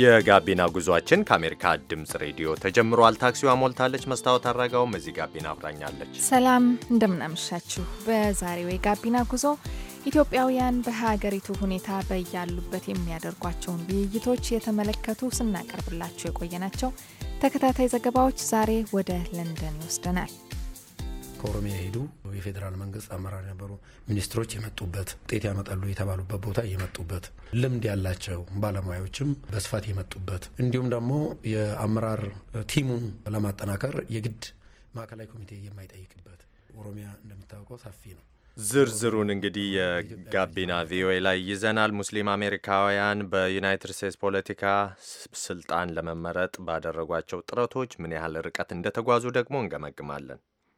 የጋቢና ጉዟችን ከአሜሪካ ድምፅ ሬዲዮ ተጀምሯል። ታክሲዋ ሞልታለች። መስታወት አድረጋውም እዚህ ጋቢና አብራኛለች። ሰላም እንደምናመሻችሁ። በዛሬው የጋቢና ጉዞ ኢትዮጵያውያን በሀገሪቱ ሁኔታ በያሉበት የሚያደርጓቸውን ውይይቶች የተመለከቱ ስናቀርብላችሁ የቆየናቸው ተከታታይ ዘገባዎች ዛሬ ወደ ለንደን ይወስደናል። ከኦሮሚያ የሄዱ የፌዴራል መንግስት አመራር የነበሩ ሚኒስትሮች የመጡበት ውጤት ያመጣሉ የተባሉበት ቦታ የመጡበት ልምድ ያላቸው ባለሙያዎችም በስፋት የመጡበት እንዲሁም ደግሞ የአመራር ቲሙን ለማጠናከር የግድ ማዕከላዊ ኮሚቴ የማይጠይቅበት ኦሮሚያ እንደሚታወቀው ሰፊ ነው። ዝርዝሩን እንግዲህ የጋቢና ቪኦኤ ላይ ይዘናል። ሙስሊም አሜሪካውያን በዩናይትድ ስቴትስ ፖለቲካ ስልጣን ለመመረጥ ባደረጓቸው ጥረቶች ምን ያህል ርቀት እንደተጓዙ ደግሞ እንገመግማለን።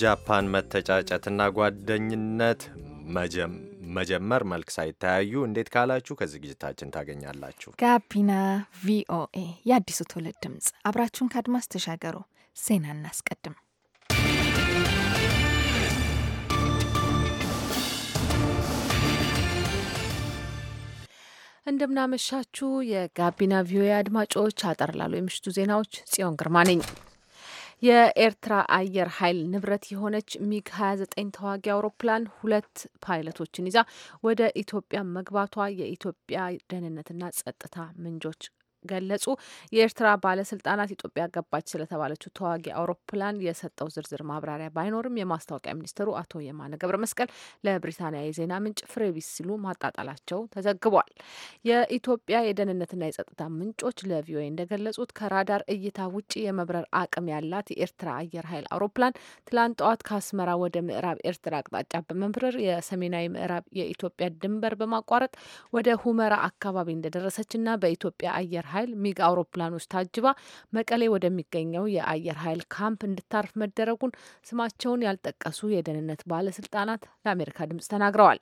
ጃፓን መተጫጨትና ጓደኝነት መጀመር መልክ ሳይተያዩ እንዴት ካላችሁ ከዝግጅታችን ታገኛላችሁ። ጋቢና ቪኦኤ የአዲሱ ትውልድ ድምፅ፣ አብራችሁን ከአድማስ ተሻገሩ። ዜና እናስቀድም። እንደምናመሻችሁ የጋቢና ቪኦኤ አድማጮች፣ አጠር ላሉ የምሽቱ ዜናዎች ጽዮን ግርማ ነኝ። የኤርትራ አየር ኃይል ንብረት የሆነች ሚግ 29 ተዋጊ አውሮፕላን ሁለት ፓይለቶችን ይዛ ወደ ኢትዮጵያ መግባቷ የኢትዮጵያ ደህንነትና ጸጥታ ምንጮች ገለጹ። የኤርትራ ባለስልጣናት ኢትዮጵያ ገባች ስለተባለችው ተዋጊ አውሮፕላን የሰጠው ዝርዝር ማብራሪያ ባይኖርም የማስታወቂያ ሚኒስትሩ አቶ የማነ ገብረ መስቀል ለብሪታንያ የዜና ምንጭ ፍሬቢስ ሲሉ ማጣጣላቸው ተዘግቧል። የኢትዮጵያ የደህንነትና የጸጥታ ምንጮች ለቪኦኤ እንደገለጹት ከራዳር እይታ ውጭ የመብረር አቅም ያላት የኤርትራ አየር ኃይል አውሮፕላን ትላንት ጠዋት ከአስመራ ወደ ምዕራብ ኤርትራ አቅጣጫ በመብረር የሰሜናዊ ምዕራብ የኢትዮጵያ ድንበር በማቋረጥ ወደ ሁመራ አካባቢ እንደደረሰችና በኢትዮጵያ አየር አየር ኃይል ሚግ አውሮፕላኖች ታጅባ መቀሌ ወደሚገኘው የአየር ኃይል ካምፕ እንድታርፍ መደረጉን ስማቸውን ያልጠቀሱ የደህንነት ባለስልጣናት ለአሜሪካ ድምጽ ተናግረዋል።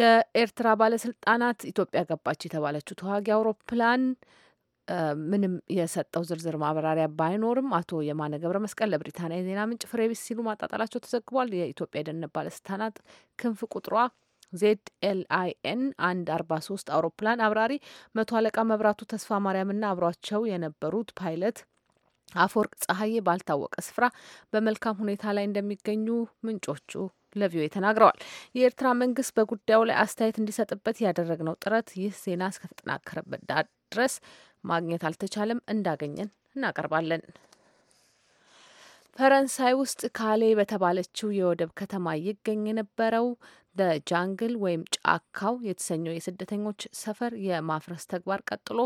የኤርትራ ባለስልጣናት ኢትዮጵያ ገባች የተባለችው ተዋጊ አውሮፕላን ምንም የሰጠው ዝርዝር ማብራሪያ ባይኖርም አቶ የማነ ገብረ መስቀል ለብሪታንያ የዜና ምንጭ ፍሬቢስ ሲሉ ማጣጣላቸው ተዘግቧል። የኢትዮጵያ የደህንነት ባለስልጣናት ክንፍ ቁጥሯ ዜድ ኤልአይኤን አንድ አርባ ሶስት አውሮፕላን አብራሪ መቶ አለቃ መብራቱ ተስፋ ማርያምና አብሯቸው የነበሩት ፓይለት አፈወርቅ ጸሀዬ ባልታወቀ ስፍራ በመልካም ሁኔታ ላይ እንደሚገኙ ምንጮቹ ለቪኦኤ ተናግረዋል። የኤርትራ መንግስት በጉዳዩ ላይ አስተያየት እንዲሰጥበት ያደረግነው ጥረት ይህ ዜና እስከተጠናከረበት ድረስ ማግኘት አልተቻለም። እንዳገኘን እናቀርባለን። ፈረንሳይ ውስጥ ካሌ በተባለችው የወደብ ከተማ ይገኝ የነበረው ደጃንግል ወይም ጫካው የተሰኘው የስደተኞች ሰፈር የማፍረስ ተግባር ቀጥሎ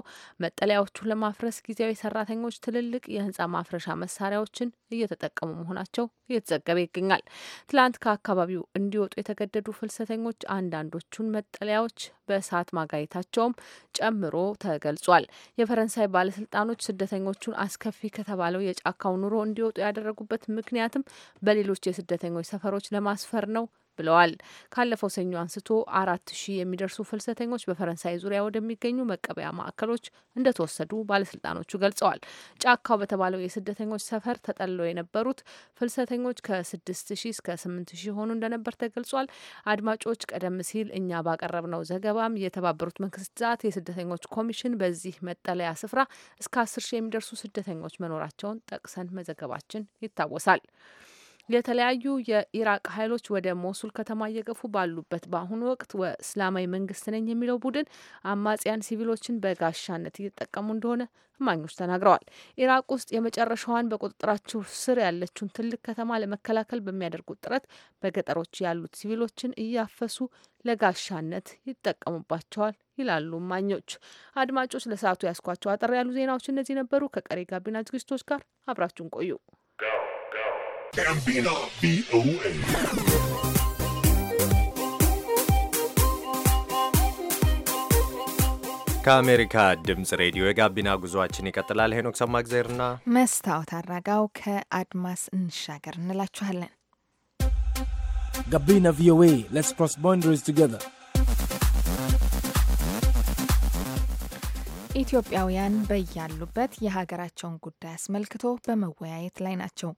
መጠለያዎቹን ለማፍረስ ጊዜያዊ ሰራተኞች ትልልቅ የህንፃ ማፍረሻ መሳሪያዎችን እየተጠቀሙ መሆናቸው እየተዘገበ ይገኛል። ትላንት ከአካባቢው እንዲወጡ የተገደዱ ፍልሰተኞች አንዳንዶቹን መጠለያዎች በእሳት ማጋየታቸውም ጨምሮ ተገልጿል። የፈረንሳይ ባለስልጣኖች ስደተኞቹን አስከፊ ከተባለው የጫካው ኑሮ እንዲወጡ ያደረጉበት ምክንያትም በሌሎች የስደተኞች ሰፈሮች ለማስፈር ነው ብለዋል። ካለፈው ሰኞ አንስቶ አራት ሺህ የሚደርሱ ፍልሰተኞች በፈረንሳይ ዙሪያ ወደሚገኙ መቀበያ ማዕከሎች እንደተወሰዱ ባለስልጣኖቹ ገልጸዋል። ጫካው በተባለው የስደተኞች ሰፈር ተጠልለው የነበሩት ፍልሰተኞች ከስድስት ሺህ እስከ ስምንት ሺህ ሆኑ እንደነበር ተገልጿል። አድማጮች፣ ቀደም ሲል እኛ ባቀረብነው ዘገባም የተባበሩት መንግስታት የስደተኞች ኮሚሽን በዚህ መጠለያ ስፍራ እስከ አስር ሺህ የሚደርሱ ስደተኞች መኖራቸውን ጠቅሰን መዘገባችን ይታወሳል። የተለያዩ የኢራቅ ኃይሎች ወደ ሞሱል ከተማ እየገፉ ባሉበት በአሁኑ ወቅት እስላማዊ መንግስት ነኝ የሚለው ቡድን አማጽያን ሲቪሎችን በጋሻነት እየተጠቀሙ እንደሆነ እማኞች ተናግረዋል። ኢራቅ ውስጥ የመጨረሻዋን በቁጥጥራችሁ ስር ያለችውን ትልቅ ከተማ ለመከላከል በሚያደርጉት ጥረት በገጠሮች ያሉት ሲቪሎችን እያፈሱ ለጋሻነት ይጠቀሙባቸዋል ይላሉ እማኞች። አድማጮች፣ ለሰዓቱ ያስኳቸው አጠር ያሉ ዜናዎች እነዚህ ነበሩ። ከቀሪ ጋቢና ዝግጅቶች ጋር አብራችሁን ቆዩ። ጋቢና ቪኦኤ ከአሜሪካ ድምፅ ሬዲዮ የጋቢና ጉዞአችን ይቀጥላል። ሄኖክ ሰማእግዜርና መስታወት አራጋው ከአድማስ እንሻገር እንላችኋለን። ጋቢና ቪኦኤ ሌትስ ክሮስ ቦንደሪስ ቱጌዘር ኢትዮጵያውያን በያሉበት የሀገራቸውን ጉዳይ አስመልክቶ በመወያየት ላይ ናቸው።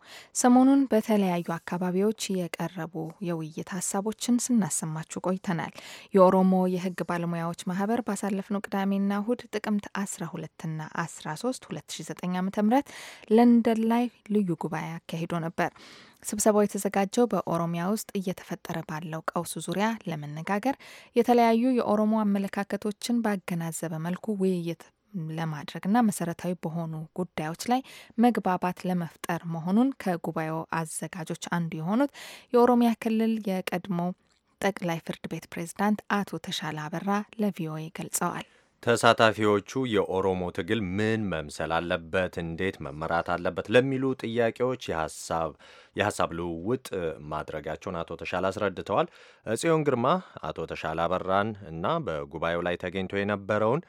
ሰሞኑን በተለያዩ አካባቢዎች የቀረቡ የውይይት ሀሳቦችን ስናሰማችሁ ቆይተናል። የኦሮሞ የሕግ ባለሙያዎች ማህበር ባሳለፍነው ቅዳሜና እሁድ ጥቅምት 12ና 13 2009 ዓ.ም ለንደን ላይ ልዩ ጉባኤ አካሂዶ ነበር። ስብሰባው የተዘጋጀው በኦሮሚያ ውስጥ እየተፈጠረ ባለው ቀውስ ዙሪያ ለመነጋገር የተለያዩ የኦሮሞ አመለካከቶችን ባገናዘበ መልኩ ውይይት ለማድረግና መሰረታዊ በሆኑ ጉዳዮች ላይ መግባባት ለመፍጠር መሆኑን ከጉባኤው አዘጋጆች አንዱ የሆኑት የኦሮሚያ ክልል የቀድሞ ጠቅላይ ፍርድ ቤት ፕሬዝዳንት አቶ ተሻለ አበራ ለቪኦኤ ገልጸዋል። ተሳታፊዎቹ የኦሮሞ ትግል ምን መምሰል አለበት፣ እንዴት መመራት አለበት ለሚሉ ጥያቄዎች የሀሳብ ልውውጥ ማድረጋቸውን አቶ ተሻለ አስረድተዋል። ጽዮን ግርማ አቶ ተሻለ አበራን እና በጉባኤው ላይ ተገኝቶ የነበረውን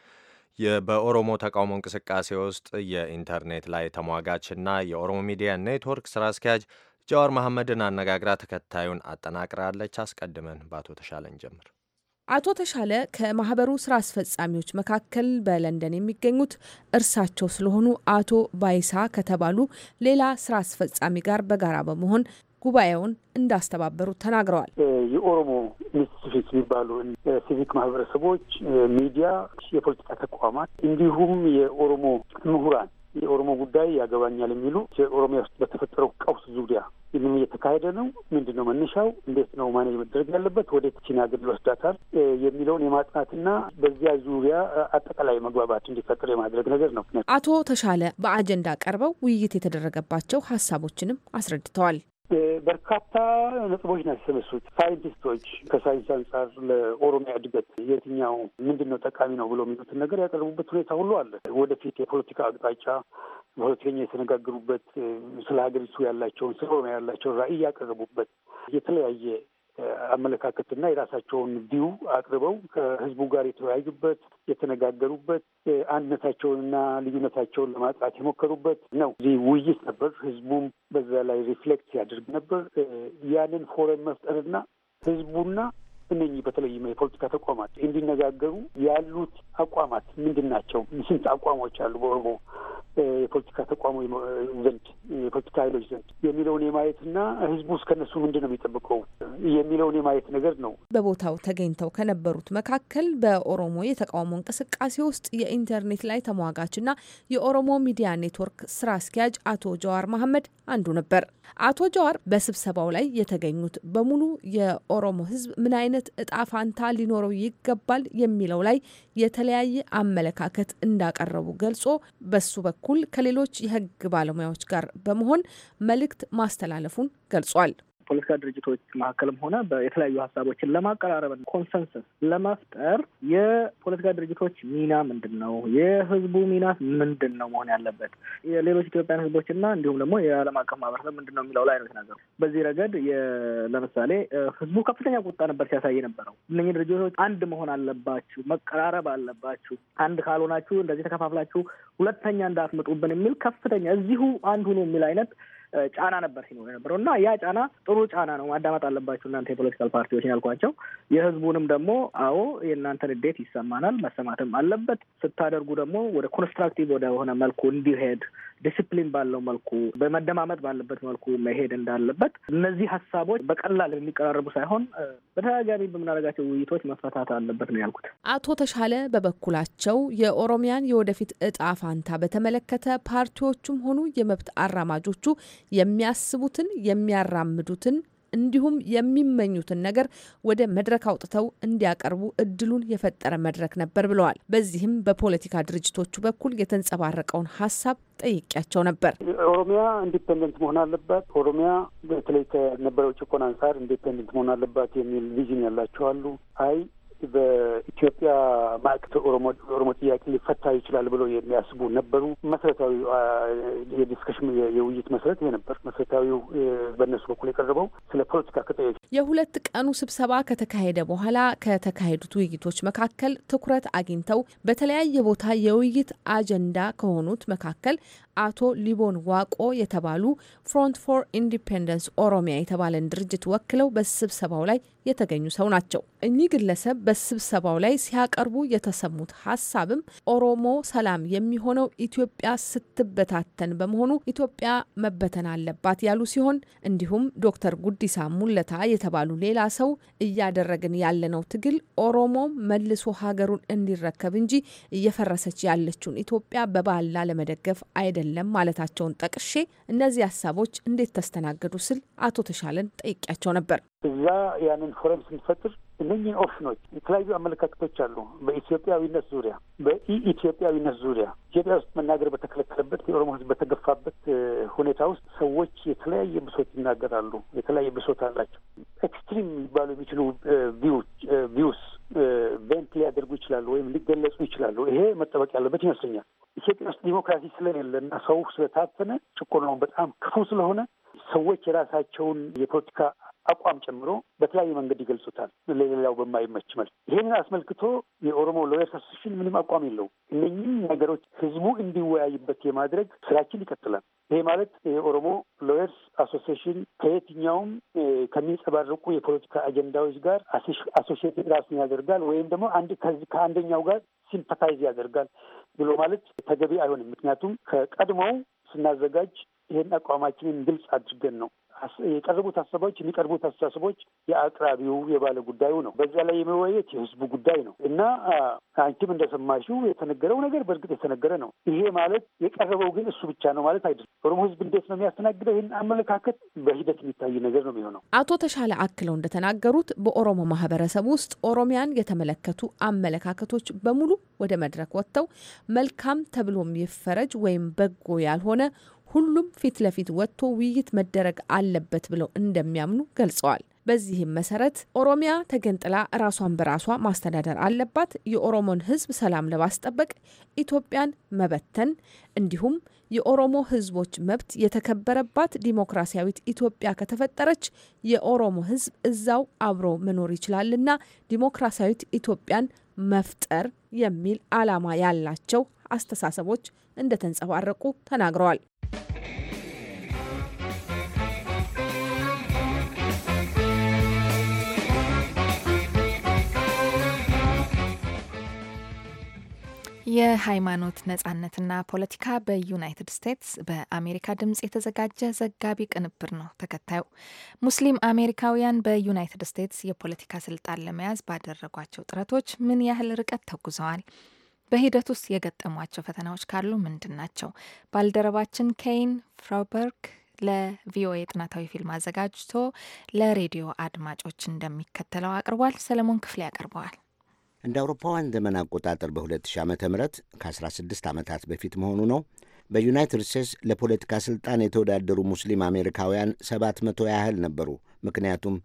በኦሮሞ ተቃውሞ እንቅስቃሴ ውስጥ የኢንተርኔት ላይ ተሟጋችና የኦሮሞ ሚዲያ ኔትወርክ ስራ አስኪያጅ ጃዋር መሐመድን አነጋግራ ተከታዩን አጠናቅራለች። አስቀድመን በአቶ ተሻለን ጀምር አቶ ተሻለ ከማህበሩ ስራ አስፈጻሚዎች መካከል በለንደን የሚገኙት እርሳቸው ስለሆኑ አቶ ባይሳ ከተባሉ ሌላ ስራ አስፈጻሚ ጋር በጋራ በመሆን ጉባኤውን እንዳስተባበሩ ተናግረዋል። የኦሮሞ ሚስፊክ የሚባሉ ሲቪክ ማህበረሰቦች፣ ሚዲያ፣ የፖለቲካ ተቋማት እንዲሁም የኦሮሞ ምሁራን የኦሮሞ ጉዳይ ያገባኛል የሚሉ ኦሮሚያ ውስጥ በተፈጠረው ቀውስ ዙሪያ ምን እየተካሄደ ነው? ምንድን ነው መነሻው? እንዴት ነው ማኔጅ መደረግ ያለበት? ወዴት ቺን ሀገር ይወስዳታል? የሚለውን የማጥናትና በዚያ ዙሪያ አጠቃላይ መግባባት እንዲፈጠር የማድረግ ነገር ነው። አቶ ተሻለ በአጀንዳ ቀርበው ውይይት የተደረገባቸው ሀሳቦችንም አስረድተዋል። በርካታ ነጥቦች ነው ያሰበሱት ሳይንቲስቶች። ከሳይንስ አንጻር ለኦሮሚያ እድገት የትኛው ምንድን ነው ጠቃሚ ነው ብሎ የሚሉትን ነገር ያቀረቡበት ሁኔታ ሁሉ አለ። ወደፊት የፖለቲካ አቅጣጫ ፖለቲከኛ የተነጋገሩበት፣ ስለ ሀገሪቱ ያላቸውን ስለ ኦሮሚያ ያላቸውን ራዕይ ያቀረቡበት የተለያየ አመለካከትና የራሳቸውን ቪው አቅርበው ከህዝቡ ጋር የተወያዩበት የተነጋገሩበት አንድነታቸውንና ልዩነታቸውን ለማጥራት የሞከሩበት ነው። እዚህ ውይይት ነበር። ህዝቡም በዛ ላይ ሪፍሌክት ያደርግ ነበር። ያንን ፎረም መፍጠርና ህዝቡና እነኚህ በተለይም የፖለቲካ ተቋማት እንዲነጋገሩ ያሉት አቋማት ምንድን ናቸው? ስንት አቋሞች አሉ በኦሮሞ የፖለቲካ ተቋሙ ዘንድ የፖለቲካ ኃይሎች ዘንድ የሚለውን የማየትና ህዝቡ ውስጥ ከነሱ ምንድን ነው የሚጠብቀው የሚለውን የማየት ነገር ነው። በቦታው ተገኝተው ከነበሩት መካከል በኦሮሞ የተቃውሞ እንቅስቃሴ ውስጥ የኢንተርኔት ላይ ተሟጋችና የኦሮሞ ሚዲያ ኔትወርክ ስራ አስኪያጅ አቶ ጀዋር መሐመድ አንዱ ነበር። አቶ ጀዋር በስብሰባው ላይ የተገኙት በሙሉ የኦሮሞ ህዝብ ምን አይነት አይነት እጣ ፋንታ ሊኖረው ይገባል የሚለው ላይ የተለያየ አመለካከት እንዳቀረቡ ገልጾ በሱ በኩል ከሌሎች የህግ ባለሙያዎች ጋር በመሆን መልእክት ማስተላለፉን ገልጿል። ፖለቲካ ድርጅቶች መካከልም ሆነ የተለያዩ ሀሳቦችን ለማቀራረብ ኮንሰንሰስ ለመፍጠር የፖለቲካ ድርጅቶች ሚና ምንድን ነው? የህዝቡ ሚና ምንድን ነው መሆን ያለበት? የሌሎች ኢትዮጵያን ህዝቦች እና እንዲሁም ደግሞ የዓለም አቀፍ ማህበረሰብ ምንድን ነው የሚለው ላይ ነው የተናገሩ። በዚህ ረገድ ለምሳሌ ህዝቡ ከፍተኛ ቁጣ ነበር ሲያሳይ ነበረው። እነኝህ ድርጅቶች አንድ መሆን አለባችሁ፣ መቀራረብ አለባችሁ፣ አንድ ካልሆናችሁ እንደዚህ ተከፋፍላችሁ ሁለተኛ እንዳትመጡብን የሚል ከፍተኛ እዚሁ አንድ ሁኑ የሚል አይነት ጫና ነበር ሲኖር የነበረው እና ያ ጫና ጥሩ ጫና ነው። ማዳመጥ አለባቸው እናንተ የፖለቲካል ፓርቲዎች ያልኳቸው። የህዝቡንም ደግሞ አዎ የእናንተን እንዴት ይሰማናል፣ መሰማትም አለበት። ስታደርጉ ደግሞ ወደ ኮንስትራክቲቭ ወደሆነ መልኩ እንዲሄድ ዲስፕሊን ባለው መልኩ በመደማመጥ ባለበት መልኩ መሄድ እንዳለበት እነዚህ ሀሳቦች በቀላል የሚቀራረቡ ሳይሆን በተደጋጋሚ በምናደርጋቸው ውይይቶች መፈታት አለበት ነው ያልኩት። አቶ ተሻለ በበኩላቸው የኦሮሚያን የወደፊት እጣ ፋንታ በተመለከተ ፓርቲዎቹም ሆኑ የመብት አራማጆቹ የሚያስቡትን የሚያራምዱትን እንዲሁም የሚመኙትን ነገር ወደ መድረክ አውጥተው እንዲያቀርቡ እድሉን የፈጠረ መድረክ ነበር ብለዋል። በዚህም በፖለቲካ ድርጅቶቹ በኩል የተንጸባረቀውን ሀሳብ ጠይቂያቸው ነበር። ኦሮሚያ ኢንዲፔንደንት መሆን አለባት፣ ኦሮሚያ በተለይ ከነበረው ጭቆና አንጻር ኢንዲፔንደንት መሆን አለባት የሚል ቪዥን ያላቸው አሉ። አይ በኢትዮጵያ ማዕቀት ኦሮሞ ጥያቄ ሊፈታ ይችላል ብሎ የሚያስቡ ነበሩ። መሰረታዊ የዲስከሽን የውይይት መሰረት ይሄ ነበር። መሰረታዊው በእነሱ በኩል የቀረበው ስለ ፖለቲካ ከጠየቅ የሁለት ቀኑ ስብሰባ ከተካሄደ በኋላ ከተካሄዱት ውይይቶች መካከል ትኩረት አግኝተው በተለያየ ቦታ የውይይት አጀንዳ ከሆኑት መካከል አቶ ሊቦን ዋቆ የተባሉ ፍሮንት ፎር ኢንዲፔንደንስ ኦሮሚያ የተባለን ድርጅት ወክለው በስብሰባው ላይ የተገኙ ሰው ናቸው። እኚህ ግለሰብ በስብሰባው ላይ ሲያቀርቡ የተሰሙት ሀሳብም ኦሮሞ ሰላም የሚሆነው ኢትዮጵያ ስትበታተን በመሆኑ ኢትዮጵያ መበተን አለባት ያሉ ሲሆን እንዲሁም ዶክተር ጉዲሳ ሙለታ የተባሉ ሌላ ሰው እያደረግን ያለነው ትግል ኦሮሞ መልሶ ሀገሩን እንዲረከብ እንጂ እየፈረሰች ያለችውን ኢትዮጵያ በባላ ለመደገፍ አይደለም ማለታቸውን ጠቅሼ እነዚህ ሀሳቦች እንዴት ተስተናገዱ ስል አቶ ተሻለን ጠይቂያቸው ነበር። እዛ ያንን ፎረም ስንፈጥር እነኚህ ኦፕሽኖች የተለያዩ አመለካከቶች አሉ። በኢትዮጵያዊነት ዙሪያ በኢኢትዮጵያዊነት ዙሪያ ኢትዮጵያ ውስጥ መናገር በተከለከለበት የኦሮሞ ሕዝብ በተገፋበት ሁኔታ ውስጥ ሰዎች የተለያየ ብሶት ይናገራሉ። የተለያየ ብሶት አላቸው። ኤክስትሪም ሊባሉ የሚችሉ ቪውስ ቬንት ሊያደርጉ ይችላሉ ወይም ሊገለጹ ይችላሉ። ይሄ መጠበቅ ያለበት ይመስለኛል። ኢትዮጵያ ውስጥ ዲሞክራሲ ስለሌለ እና ሰው ስለታፈነ ጭቆናው በጣም ክፉ ስለሆነ ሰዎች የራሳቸውን የፖለቲካ አቋም ጨምሮ በተለያየ መንገድ ይገልጹታል፣ ለሌላው በማይመች መልክ። ይህንን አስመልክቶ የኦሮሞ ሎየርስ አሶሴሽን ምንም አቋም የለው እነኝም ነገሮች ህዝቡ እንዲወያይበት የማድረግ ስራችን ይቀጥላል። ይሄ ማለት የኦሮሞ ሎየርስ አሶሲሽን ከየትኛውም ከሚንጸባረቁ የፖለቲካ አጀንዳዎች ጋር አሶሽየትድ ራሱን ያደርጋል ወይም ደግሞ አንድ ከአንደኛው ጋር ሲምፓታይዝ ያደርጋል ብሎ ማለት ተገቢ አይሆንም። ምክንያቱም ከቀድሞው ስናዘጋጅ ይህን አቋማችንን ግልጽ አድርገን ነው የቀረቡት ሀሳቦች የሚቀርቡት አስተሳሰቦች የአቅራቢው የባለ ጉዳዩ ነው። በዛ ላይ የመወያየት የህዝቡ ጉዳይ ነው እና አንቺም እንደሰማሽው የተነገረው ነገር በእርግጥ የተነገረ ነው። ይሄ ማለት የቀረበው ግን እሱ ብቻ ነው ማለት አይደለም። ኦሮሞ ህዝብ እንዴት ነው የሚያስተናግደው? ይህን አመለካከት በሂደት የሚታይ ነገር ነው የሚሆነው። አቶ ተሻለ አክለው እንደተናገሩት በኦሮሞ ማህበረሰብ ውስጥ ኦሮሚያን የተመለከቱ አመለካከቶች በሙሉ ወደ መድረክ ወጥተው መልካም ተብሎም ይፈረጅ ወይም በጎ ያልሆነ ሁሉም ፊት ለፊት ወጥቶ ውይይት መደረግ አለበት ብለው እንደሚያምኑ ገልጸዋል። በዚህም መሰረት ኦሮሚያ ተገንጥላ ራሷን በራሷ ማስተዳደር አለባት፣ የኦሮሞን ሕዝብ ሰላም ለማስጠበቅ ኢትዮጵያን መበተን እንዲሁም የኦሮሞ ሕዝቦች መብት የተከበረባት ዲሞክራሲያዊት ኢትዮጵያ ከተፈጠረች የኦሮሞ ሕዝብ እዛው አብሮ መኖር ይችላልና ዲሞክራሲያዊት ኢትዮጵያን መፍጠር የሚል ዓላማ ያላቸው አስተሳሰቦች እንደተንጸባረቁ ተናግረዋል። የሃይማኖት ነጻነትና ፖለቲካ በዩናይትድ ስቴትስ በአሜሪካ ድምጽ የተዘጋጀ ዘጋቢ ቅንብር ነው። ተከታዩ ሙስሊም አሜሪካውያን በዩናይትድ ስቴትስ የፖለቲካ ስልጣን ለመያዝ ባደረጓቸው ጥረቶች ምን ያህል ርቀት ተጉዘዋል? በሂደት ውስጥ የገጠሟቸው ፈተናዎች ካሉ ምንድን ናቸው? ባልደረባችን ኬይን ፍራውበርግ ለቪኦኤ ጥናታዊ ፊልም አዘጋጅቶ ለሬዲዮ አድማጮች እንደሚከተለው አቅርቧል። ሰለሞን ክፍሌ ያቀርበዋል። እንደ አውሮፓውያን ዘመን አቆጣጠር በ2000 ዓ ም ከ16 ዓመታት በፊት መሆኑ ነው። በዩናይትድ ስቴትስ ለፖለቲካ ሥልጣን የተወዳደሩ ሙስሊም አሜሪካውያን 700 ያህል ነበሩ። ምክንያቱም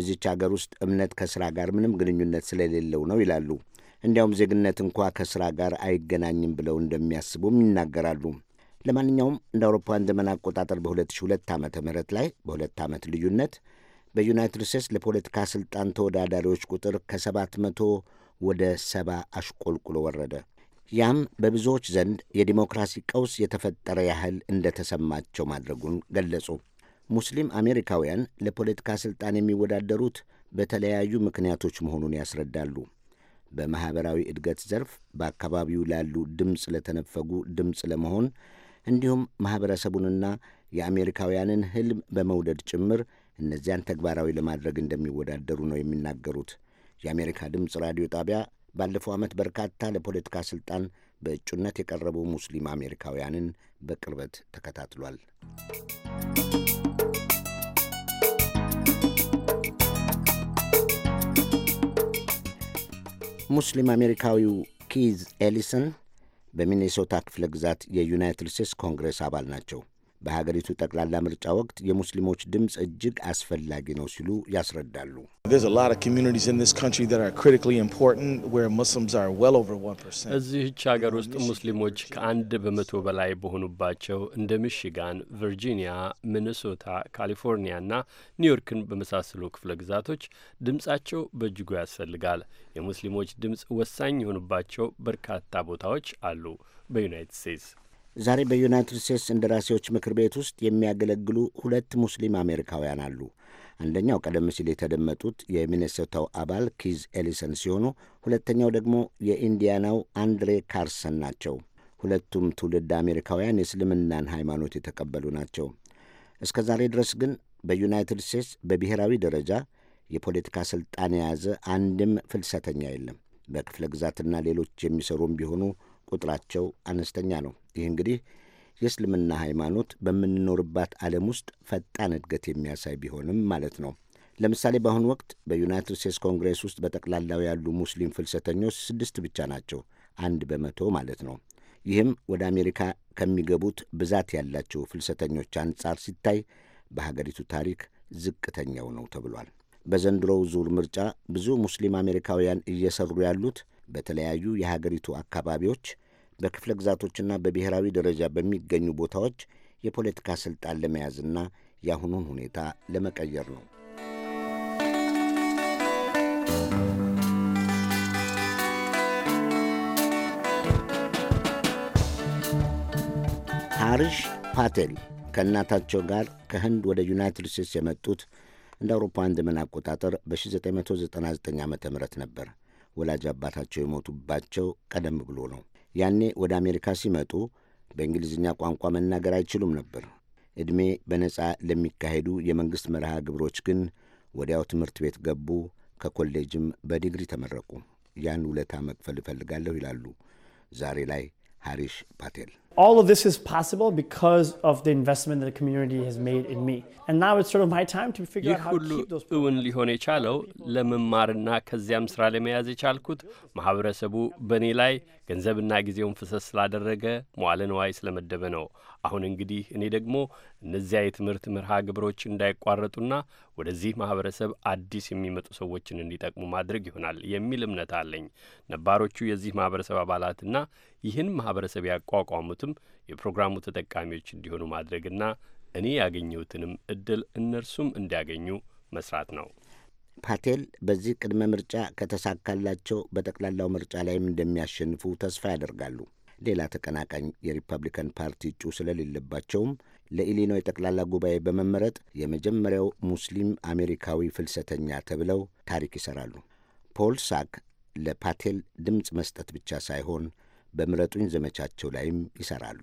እዚች አገር ውስጥ እምነት ከሥራ ጋር ምንም ግንኙነት ስለሌለው ነው ይላሉ እንዲያውም ዜግነት እንኳ ከሥራ ጋር አይገናኝም ብለው እንደሚያስቡም ይናገራሉ። ለማንኛውም እንደ አውሮፓውያን ዘመን አቆጣጠር በ2002 ዓ ም ላይ በሁለት ዓመት ልዩነት በዩናይትድ ስቴትስ ለፖለቲካ ሥልጣን ተወዳዳሪዎች ቁጥር ከ700 ወደ ሰባ አሽቆልቁሎ ወረደ። ያም በብዙዎች ዘንድ የዲሞክራሲ ቀውስ የተፈጠረ ያህል እንደተሰማቸው ማድረጉን ገለጹ። ሙስሊም አሜሪካውያን ለፖለቲካ ሥልጣን የሚወዳደሩት በተለያዩ ምክንያቶች መሆኑን ያስረዳሉ። በማኅበራዊ እድገት ዘርፍ በአካባቢው ላሉ ድምፅ ለተነፈጉ ድምፅ ለመሆን እንዲሁም ማኅበረሰቡንና የአሜሪካውያንን ሕልም በመውደድ ጭምር እነዚያን ተግባራዊ ለማድረግ እንደሚወዳደሩ ነው የሚናገሩት። የአሜሪካ ድምፅ ራዲዮ ጣቢያ ባለፈው ዓመት በርካታ ለፖለቲካ ሥልጣን በእጩነት የቀረቡ ሙስሊም አሜሪካውያንን በቅርበት ተከታትሏል። ሙስሊም አሜሪካዊው ኪዝ ኤሊሰን በሚኔሶታ ክፍለ ግዛት የዩናይትድ ስቴትስ ኮንግረስ አባል ናቸው። በሀገሪቱ ጠቅላላ ምርጫ ወቅት የሙስሊሞች ድምፅ እጅግ አስፈላጊ ነው ሲሉ ያስረዳሉ። እዚህች ሀገር ውስጥ ሙስሊሞች ከአንድ በመቶ በላይ በሆኑባቸው እንደ ሚሽጋን፣ ቨርጂኒያ፣ ሚኒሶታ፣ እና ኒውዮርክን በመሳሰሉ ክፍለ ግዛቶች ድምጻቸው በእጅጉ ያስፈልጋል። የሙስሊሞች ድምፅ ወሳኝ የሆኑባቸው በርካታ ቦታዎች አሉ በዩናይትድ ስቴትስ ዛሬ በዩናይትድ ስቴትስ እንደራሴዎች ምክር ቤት ውስጥ የሚያገለግሉ ሁለት ሙስሊም አሜሪካውያን አሉ። አንደኛው ቀደም ሲል የተደመጡት የሚኔሶታው አባል ኪዝ ኤሊሰን ሲሆኑ ሁለተኛው ደግሞ የኢንዲያናው አንድሬ ካርሰን ናቸው። ሁለቱም ትውልድ አሜሪካውያን የእስልምናን ሃይማኖት የተቀበሉ ናቸው። እስከ ዛሬ ድረስ ግን በዩናይትድ ስቴትስ በብሔራዊ ደረጃ የፖለቲካ ሥልጣን የያዘ አንድም ፍልሰተኛ የለም። በክፍለ ግዛትና ሌሎች የሚሰሩም ቢሆኑ ቁጥራቸው አነስተኛ ነው። ይህ እንግዲህ የእስልምና ሃይማኖት በምንኖርባት ዓለም ውስጥ ፈጣን እድገት የሚያሳይ ቢሆንም ማለት ነው። ለምሳሌ በአሁኑ ወቅት በዩናይትድ ስቴትስ ኮንግሬስ ውስጥ በጠቅላላው ያሉ ሙስሊም ፍልሰተኞች ስድስት ብቻ ናቸው፣ አንድ በመቶ ማለት ነው። ይህም ወደ አሜሪካ ከሚገቡት ብዛት ያላቸው ፍልሰተኞች አንጻር ሲታይ በሀገሪቱ ታሪክ ዝቅተኛው ነው ተብሏል። በዘንድሮው ዙር ምርጫ ብዙ ሙስሊም አሜሪካውያን እየሰሩ ያሉት በተለያዩ የሀገሪቱ አካባቢዎች በክፍለ ግዛቶችና በብሔራዊ ደረጃ በሚገኙ ቦታዎች የፖለቲካ ሥልጣን ለመያዝና የአሁኑን ሁኔታ ለመቀየር ነው። ሃርሽ ፓቴል ከእናታቸው ጋር ከህንድ ወደ ዩናይትድ ስቴትስ የመጡት እንደ አውሮፓውያን ዘመን አቆጣጠር በ1999 ዓ ም ነበር። ወላጅ አባታቸው የሞቱባቸው ቀደም ብሎ ነው። ያኔ ወደ አሜሪካ ሲመጡ በእንግሊዝኛ ቋንቋ መናገር አይችሉም ነበር። ዕድሜ በነጻ ለሚካሄዱ የመንግሥት መርሃ ግብሮች ግን ወዲያው ትምህርት ቤት ገቡ። ከኮሌጅም በዲግሪ ተመረቁ። ያን ውለታ መክፈል እፈልጋለሁ ይላሉ ዛሬ ላይ ሐሪሽ ፓቴል። all of this is possible because of the investment that the community has made in me. And now it's sort of my time to figure out how to keep those እውን ሊሆን የቻለው ለመማርና ከዚያም ስራ ለመያዝ የቻልኩት ማህበረሰቡ በእኔ ላይ ገንዘብና ጊዜውን ፍሰት ስላደረገ መዋለ ንዋይ ስለመደበ ነው። አሁን እንግዲህ እኔ ደግሞ እነዚያ የትምህርት መርሃ ግብሮች እንዳይቋረጡና ወደዚህ ማህበረሰብ አዲስ የሚመጡ ሰዎችን እንዲጠቅሙ ማድረግ ይሆናል የሚል እምነት አለኝ። ነባሮቹ የዚህ ማህበረሰብ አባላትና ይህን ማህበረሰብ ያቋቋሙት ማለትም የፕሮግራሙ ተጠቃሚዎች እንዲሆኑ ማድረግና እኔ ያገኘሁትንም እድል እነርሱም እንዲያገኙ መስራት ነው። ፓቴል በዚህ ቅድመ ምርጫ ከተሳካላቸው በጠቅላላው ምርጫ ላይም እንደሚያሸንፉ ተስፋ ያደርጋሉ። ሌላ ተቀናቃኝ የሪፐብሊካን ፓርቲ እጩ ስለሌለባቸውም ለኢሊኖይ ጠቅላላ ጉባኤ በመመረጥ የመጀመሪያው ሙስሊም አሜሪካዊ ፍልሰተኛ ተብለው ታሪክ ይሰራሉ። ፖል ሳክ ለፓቴል ድምፅ መስጠት ብቻ ሳይሆን በምረጡኝ ዘመቻቸው ላይም ይሰራሉ።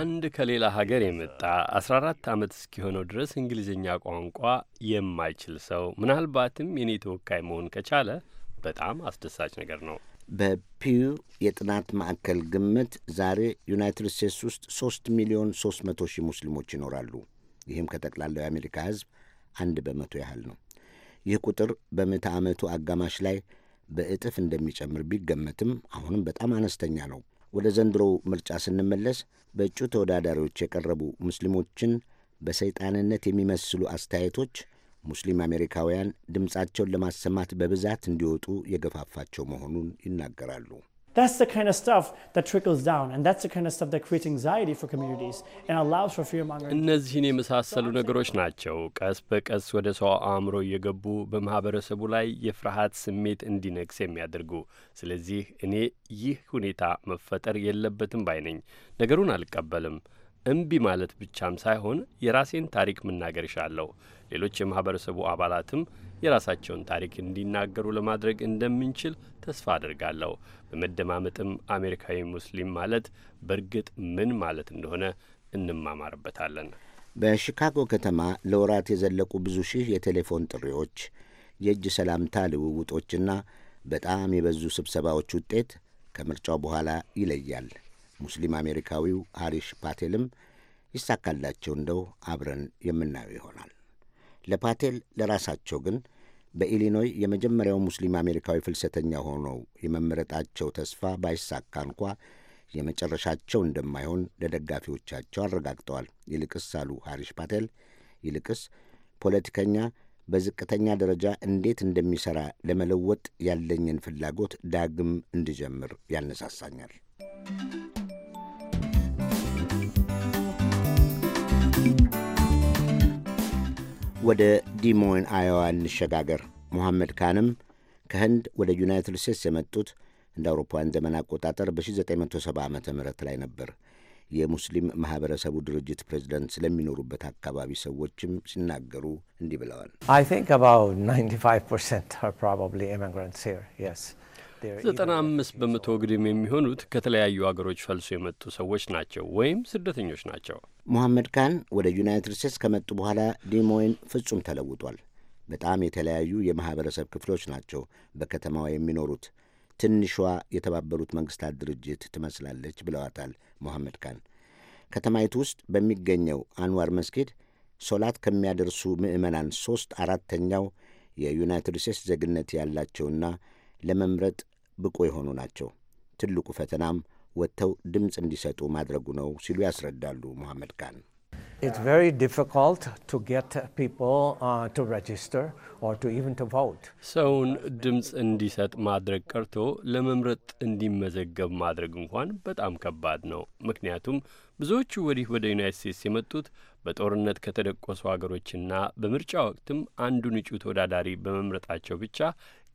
አንድ ከሌላ ሀገር የመጣ 14 ዓመት እስኪሆነው ድረስ እንግሊዝኛ ቋንቋ የማይችል ሰው ምናልባትም የኔ ተወካይ መሆን ከቻለ በጣም አስደሳች ነገር ነው። በፒዩ የጥናት ማዕከል ግምት ዛሬ ዩናይትድ ስቴትስ ውስጥ 3 ሚሊዮን 300 ሺህ ሙስሊሞች ይኖራሉ። ይህም ከጠቅላላው የአሜሪካ ሕዝብ አንድ በመቶ ያህል ነው። ይህ ቁጥር በምዕተ ዓመቱ አጋማሽ ላይ በእጥፍ እንደሚጨምር ቢገመትም አሁንም በጣም አነስተኛ ነው። ወደ ዘንድሮው ምርጫ ስንመለስ በእጩ ተወዳዳሪዎች የቀረቡ ሙስሊሞችን በሰይጣንነት የሚመስሉ አስተያየቶች ሙስሊም አሜሪካውያን ድምፃቸውን ለማሰማት በብዛት እንዲወጡ የገፋፋቸው መሆኑን ይናገራሉ። That's the kind of stuff that trickles down and that's the kind of stuff that creates anxiety for communities and allows for fear mongering. እነዚህን የመሳሰሉ ነገሮች ናቸው ቀስ በቀስ ወደ ሰው አእምሮ እየገቡ በማህበረሰቡ ላይ የፍርሃት ስሜት እንዲነግስ የሚያደርጉ። ስለዚህ እኔ ይህ ሁኔታ መፈጠር የለበትም ባይ ነኝ። ነገሩን አልቀበልም። እምቢ ማለት ብቻም ሳይሆን የራሴን ታሪክ መናገር እሻለሁ። ሌሎች የማህበረሰቡ አባላትም የራሳቸውን ታሪክ እንዲናገሩ ለማድረግ እንደምንችል ተስፋ አድርጋለሁ። በመደማመጥም አሜሪካዊ ሙስሊም ማለት በእርግጥ ምን ማለት እንደሆነ እንማማርበታለን። በሺካጎ ከተማ ለወራት የዘለቁ ብዙ ሺህ የቴሌፎን ጥሪዎች፣ የእጅ ሰላምታ ልውውጦችና በጣም የበዙ ስብሰባዎች ውጤት ከምርጫው በኋላ ይለያል። ሙስሊም አሜሪካዊው ሀሪሽ ፓቴልም ይሳካላቸው እንደው አብረን የምናየው ይሆናል። ለፓቴል ለራሳቸው ግን በኢሊኖይ የመጀመሪያው ሙስሊም አሜሪካዊ ፍልሰተኛ ሆነው የመመረጣቸው ተስፋ ባይሳካ እንኳ የመጨረሻቸው እንደማይሆን ለደጋፊዎቻቸው አረጋግጠዋል። ይልቅስ አሉ ሐሪሽ ፓቴል፣ ይልቅስ ፖለቲከኛ በዝቅተኛ ደረጃ እንዴት እንደሚሠራ ለመለወጥ ያለኝን ፍላጎት ዳግም እንድጀምር ያነሳሳኛል። ወደ ዲሞን አዮዋ እንሸጋገር። ሞሐመድ ካንም ከህንድ ወደ ዩናይትድ ስቴትስ የመጡት እንደ አውሮፓውያን ዘመን አቆጣጠር በ1970 ዓ ም ላይ ነበር። የሙስሊም ማህበረሰቡ ድርጅት ፕሬዚደንት ስለሚኖሩበት አካባቢ ሰዎችም ሲናገሩ እንዲህ ብለዋል። ዘጠና አምስት በመቶ ግድም የሚሆኑት ከተለያዩ አገሮች ፈልሶ የመጡ ሰዎች ናቸው ወይም ስደተኞች ናቸው። ሙሐመድ ካን ወደ ዩናይትድ ስቴትስ ከመጡ በኋላ ዲሞይን ፍጹም ተለውጧል። በጣም የተለያዩ የማኅበረሰብ ክፍሎች ናቸው በከተማዋ የሚኖሩት። ትንሿ የተባበሩት መንግሥታት ድርጅት ትመስላለች ብለዋታል ሙሐመድ ካን። ከተማይቱ ውስጥ በሚገኘው አንዋር መስጊድ ሶላት ከሚያደርሱ ምዕመናን ሦስት አራተኛው የዩናይትድ ስቴትስ ዜግነት ያላቸውና ለመምረጥ ብቁ የሆኑ ናቸው። ትልቁ ፈተናም ወጥተው ድምፅ እንዲሰጡ ማድረጉ ነው ሲሉ ያስረዳሉ መሐመድ ካን። uh, ሰውን ድምፅ እንዲሰጥ ማድረግ ቀርቶ ለመምረጥ እንዲመዘገብ ማድረግ እንኳን በጣም ከባድ ነው። ምክንያቱም ብዙዎቹ ወዲህ ወደ ዩናይት ስቴትስ የመጡት በጦርነት ከተደቆሱ አገሮችና በምርጫ ወቅትም አንዱን እጩ ተወዳዳሪ በመምረጣቸው ብቻ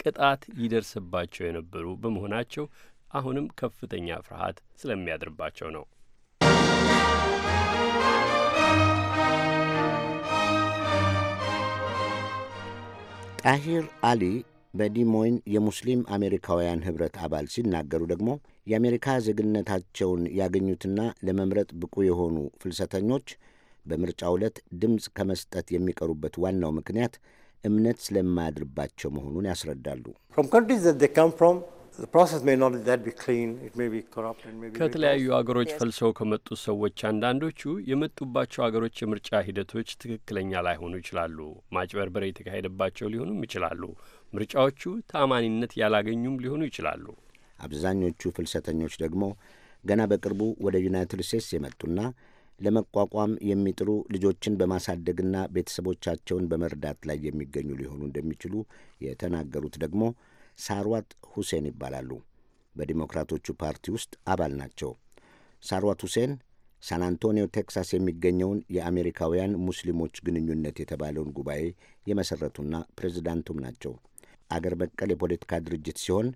ቅጣት ይደርስባቸው የነበሩ በመሆናቸው አሁንም ከፍተኛ ፍርሃት ስለሚያድርባቸው ነው። ጣሂር አሊ በዲሞይን የሙስሊም አሜሪካውያን ኅብረት አባል ሲናገሩ ደግሞ የአሜሪካ ዜግነታቸውን ያገኙትና ለመምረጥ ብቁ የሆኑ ፍልሰተኞች በምርጫ ዕለት ድምፅ ከመስጠት የሚቀሩበት ዋናው ምክንያት እምነት ስለማያድርባቸው መሆኑን ያስረዳሉ። ከተለያዩ አገሮች ፈልሰው ከመጡ ሰዎች አንዳንዶቹ የመጡባቸው አገሮች የምርጫ ሂደቶች ትክክለኛ ላይሆኑ ይችላሉ። ማጭበርበር የተካሄደባቸው ሊሆኑም ይችላሉ። ምርጫዎቹ ታማኒነት ያላገኙም ሊሆኑ ይችላሉ። አብዛኞቹ ፍልሰተኞች ደግሞ ገና በቅርቡ ወደ ዩናይትድ ስቴትስ የመጡና ለመቋቋም የሚጥሩ ልጆችን በማሳደግና ቤተሰቦቻቸውን በመርዳት ላይ የሚገኙ ሊሆኑ እንደሚችሉ የተናገሩት ደግሞ ሳርዋት ሁሴን ይባላሉ። በዲሞክራቶቹ ፓርቲ ውስጥ አባል ናቸው። ሳርዋት ሁሴን ሳን አንቶኒዮ ቴክሳስ የሚገኘውን የአሜሪካውያን ሙስሊሞች ግንኙነት የተባለውን ጉባኤ የመሠረቱና ፕሬዚዳንቱም ናቸው። አገር በቀል የፖለቲካ ድርጅት ሲሆን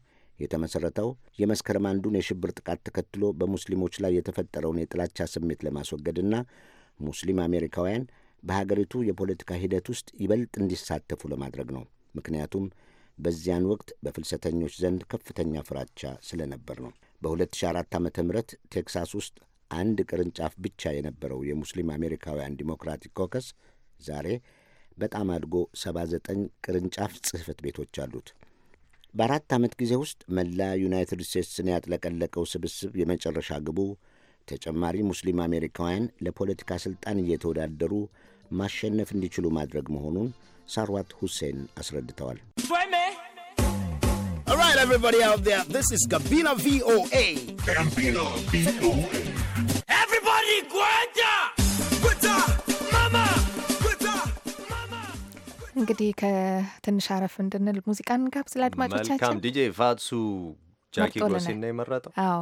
የተመሠረተው የመስከረም አንዱን የሽብር ጥቃት ተከትሎ በሙስሊሞች ላይ የተፈጠረውን የጥላቻ ስሜት ለማስወገድና ሙስሊም አሜሪካውያን በሀገሪቱ የፖለቲካ ሂደት ውስጥ ይበልጥ እንዲሳተፉ ለማድረግ ነው። ምክንያቱም በዚያን ወቅት በፍልሰተኞች ዘንድ ከፍተኛ ፍራቻ ስለነበር ነው። በ2004 ዓ ም ቴክሳስ ውስጥ አንድ ቅርንጫፍ ብቻ የነበረው የሙስሊም አሜሪካውያን ዲሞክራቲክ ኮከስ ዛሬ በጣም አድጎ 79 ቅርንጫፍ ጽህፈት ቤቶች አሉት። በአራት ዓመት ጊዜ ውስጥ መላ ዩናይትድ ስቴትስን ያጥለቀለቀው ስብስብ የመጨረሻ ግቡ ተጨማሪ ሙስሊም አሜሪካውያን ለፖለቲካ ሥልጣን እየተወዳደሩ ማሸነፍ እንዲችሉ ማድረግ መሆኑን ሳርዋት ሁሴን አስረድተዋል። ጋቢና ቪኦኤ እንግዲህ ከትንሽ አረፍ እንድንል ሙዚቃ ጋብዝ። ለአድማጮቻችን መልካም ዲጄ ፋሱ ጃኪ ጎሴን ነው የመረጠው። አዎ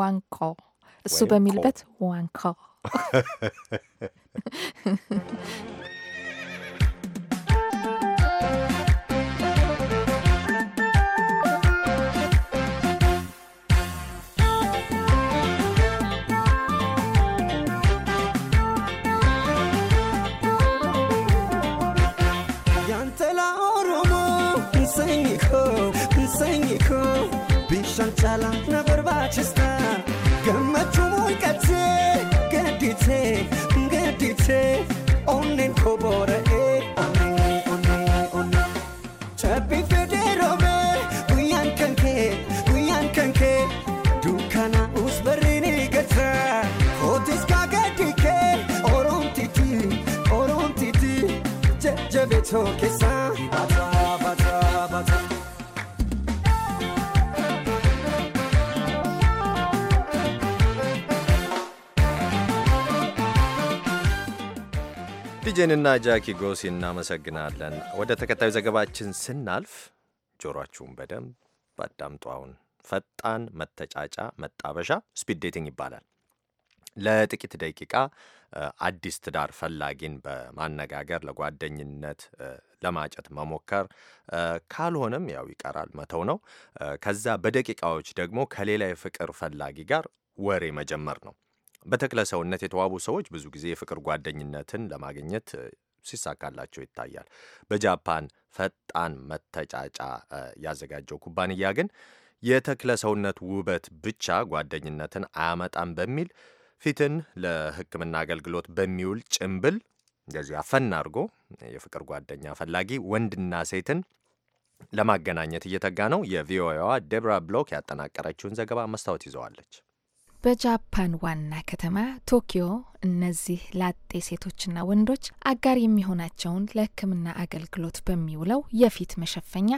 ዋንኮ እሱ በሚልበት ዋንኮ dalang na ዲጄንና ጃኪ ጎሲ እናመሰግናለን። ወደ ተከታዩ ዘገባችን ስናልፍ ጆሯችሁን በደንብ አዳምጡ። አሁን ፈጣን መተጫጫ መጣበሻ ስፒድ ዴቲንግ ይባላል። ለጥቂት ደቂቃ አዲስ ትዳር ፈላጊን በማነጋገር ለጓደኝነት ለማጨት መሞከር፣ ካልሆነም ያው ይቀራል መተው ነው። ከዛ በደቂቃዎች ደግሞ ከሌላ የፍቅር ፈላጊ ጋር ወሬ መጀመር ነው። በተክለ ሰውነት የተዋቡ ሰዎች ብዙ ጊዜ የፍቅር ጓደኝነትን ለማግኘት ሲሳካላቸው ይታያል። በጃፓን ፈጣን መተጫጫ ያዘጋጀው ኩባንያ ግን የተክለ ሰውነት ውበት ብቻ ጓደኝነትን አያመጣም በሚል ፊትን ለሕክምና አገልግሎት በሚውል ጭንብል እንደዚሁ አፈና አድርጎ የፍቅር ጓደኛ ፈላጊ ወንድና ሴትን ለማገናኘት እየተጋ ነው። የቪኦኤዋ ዴብራ ብሎክ ያጠናቀረችውን ዘገባ መስታወት ይዘዋለች። በጃፓን ዋና ከተማ ቶኪዮ እነዚህ ላጤ ሴቶችና ወንዶች አጋር የሚሆናቸውን ለሕክምና አገልግሎት በሚውለው የፊት መሸፈኛ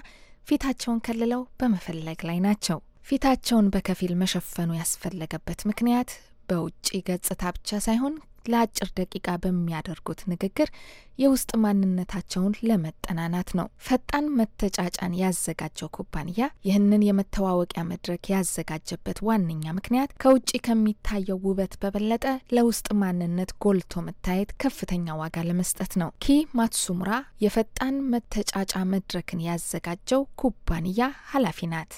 ፊታቸውን ከልለው በመፈለግ ላይ ናቸው። ፊታቸውን በከፊል መሸፈኑ ያስፈለገበት ምክንያት በውጭ ገጽታ ብቻ ሳይሆን ለአጭር ደቂቃ በሚያደርጉት ንግግር የውስጥ ማንነታቸውን ለመጠናናት ነው። ፈጣን መተጫጫን ያዘጋጀው ኩባንያ ይህንን የመተዋወቂያ መድረክ ያዘጋጀበት ዋነኛ ምክንያት ከውጭ ከሚታየው ውበት በበለጠ ለውስጥ ማንነት ጎልቶ መታየት ከፍተኛ ዋጋ ለመስጠት ነው። ኪ ማትሱሙራ የፈጣን መተጫጫ መድረክን ያዘጋጀው ኩባንያ ኃላፊ ናት።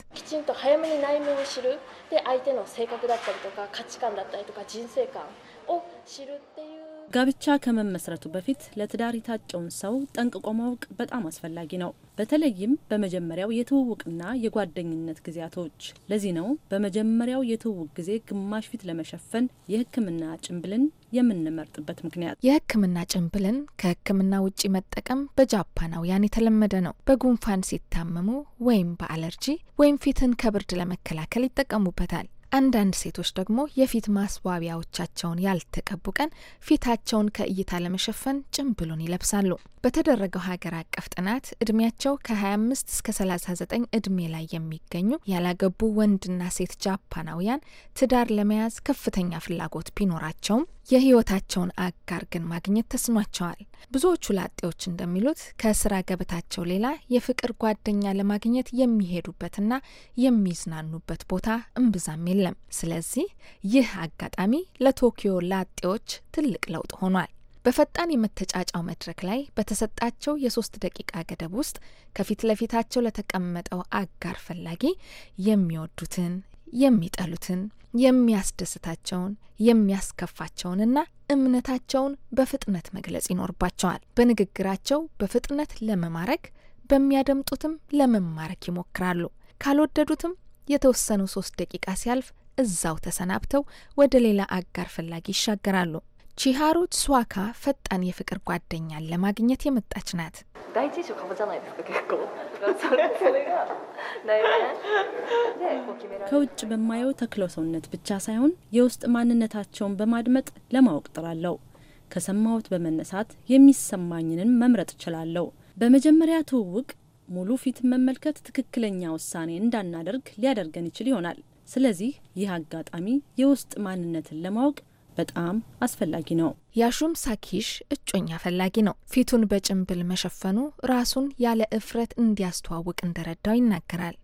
ጋብቻ ከመመስረቱ በፊት ለትዳር የታጨውን ሰው ጠንቅቆ ማወቅ በጣም አስፈላጊ ነው። በተለይም በመጀመሪያው የትውውቅና የጓደኝነት ጊዜያቶች። ለዚህ ነው በመጀመሪያው የትውውቅ ጊዜ ግማሽ ፊት ለመሸፈን የሕክምና ጭንብልን የምንመርጥበት ምክንያት። የሕክምና ጭንብልን ከሕክምና ውጪ መጠቀም በጃፓናውያን የተለመደ ነው። በጉንፋን ሲታመሙ ወይም በአለርጂ ወይም ፊትን ከብርድ ለመከላከል ይጠቀሙበታል። አንዳንድ ሴቶች ደግሞ የፊት ማስዋቢያዎቻቸውን ያልተቀቡ ቀን ፊታቸውን ከእይታ ለመሸፈን ጭንብሉን ይለብሳሉ። በተደረገው ሀገር አቀፍ ጥናት እድሜያቸው ከ25 እስከ 39 እድሜ ላይ የሚገኙ ያላገቡ ወንድና ሴት ጃፓናውያን ትዳር ለመያዝ ከፍተኛ ፍላጎት ቢኖራቸውም የህይወታቸውን አጋር ግን ማግኘት ተስኗቸዋል። ብዙዎቹ ላጤዎች እንደሚሉት ከስራ ገበታቸው ሌላ የፍቅር ጓደኛ ለማግኘት የሚሄዱበትና የሚዝናኑበት ቦታ እምብዛም የለም። ስለዚህ ይህ አጋጣሚ ለቶኪዮ ላጤዎች ትልቅ ለውጥ ሆኗል። በፈጣን የመተጫጫው መድረክ ላይ በተሰጣቸው የሶስት ደቂቃ ገደብ ውስጥ ከፊት ለፊታቸው ለተቀመጠው አጋር ፈላጊ የሚወዱትን የሚጠሉትን የሚያስደስታቸውን የሚያስከፋቸውንና እምነታቸውን በፍጥነት መግለጽ ይኖርባቸዋል። በንግግራቸው በፍጥነት ለመማረክ በሚያደምጡትም ለመማረክ ይሞክራሉ። ካልወደዱትም የተወሰኑ ሶስት ደቂቃ ሲያልፍ እዛው ተሰናብተው ወደ ሌላ አጋር ፈላጊ ይሻገራሉ። ቺሃሩ ስዋካ ፈጣን የፍቅር ጓደኛን ለማግኘት የመጣች ናት። ከውጭ በማየው ተክለው ሰውነት ብቻ ሳይሆን የውስጥ ማንነታቸውን በማድመጥ ለማወቅ ጥራለው ከሰማሁት በመነሳት የሚሰማኝንን መምረጥ እችላለሁ። በመጀመሪያ ትውውቅ ሙሉ ፊት መመልከት ትክክለኛ ውሳኔ እንዳናደርግ ሊያደርገን ይችል ይሆናል። ስለዚህ ይህ አጋጣሚ የውስጥ ማንነትን ለማወቅ በጣም አስፈላጊ ነው። ያሹም ሳኪሽ እጮኛ ፈላጊ ነው። ፊቱን በጭንብል መሸፈኑ ራሱን ያለ እፍረት እንዲያስተዋውቅ እንደረዳው ይናገራል።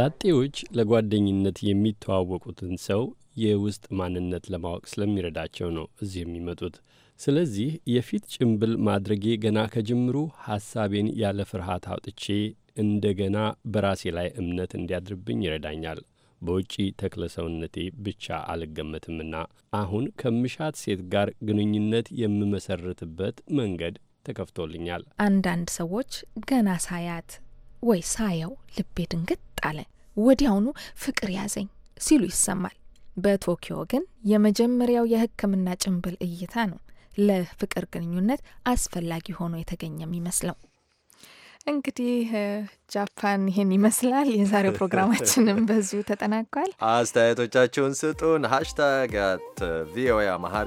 ላጤዎች ለጓደኝነት የሚተዋወቁትን ሰው የውስጥ ማንነት ለማወቅ ስለሚረዳቸው ነው እዚህ የሚመጡት። ስለዚህ የፊት ጭንብል ማድረጌ ገና ከጅምሩ ሐሳቤን ያለ ፍርሃት አውጥቼ እንደገና በራሴ ላይ እምነት እንዲያድርብኝ ይረዳኛል። በውጪ ተክለ ሰውነቴ ብቻ አልገመትምና አሁን ከምሻት ሴት ጋር ግንኙነት የምመሰርትበት መንገድ ተከፍቶልኛል። አንዳንድ ሰዎች ገና ሳያት ወይ ሳየው ልቤ ድንግጥ አለ፣ ወዲያውኑ ፍቅር ያዘኝ ሲሉ ይሰማል። በቶኪዮ ግን የመጀመሪያው የሕክምና ጭንብል እይታ ነው ለፍቅር ግንኙነት አስፈላጊ ሆኖ የተገኘ የሚመስለው። እንግዲህ ጃፓን ይህን ይመስላል። የዛሬው ፕሮግራማችንም በዚሁ ተጠናቋል። አስተያየቶቻችሁን ስጡን። ሃሽታግ ቪኦኤ አማሃሪ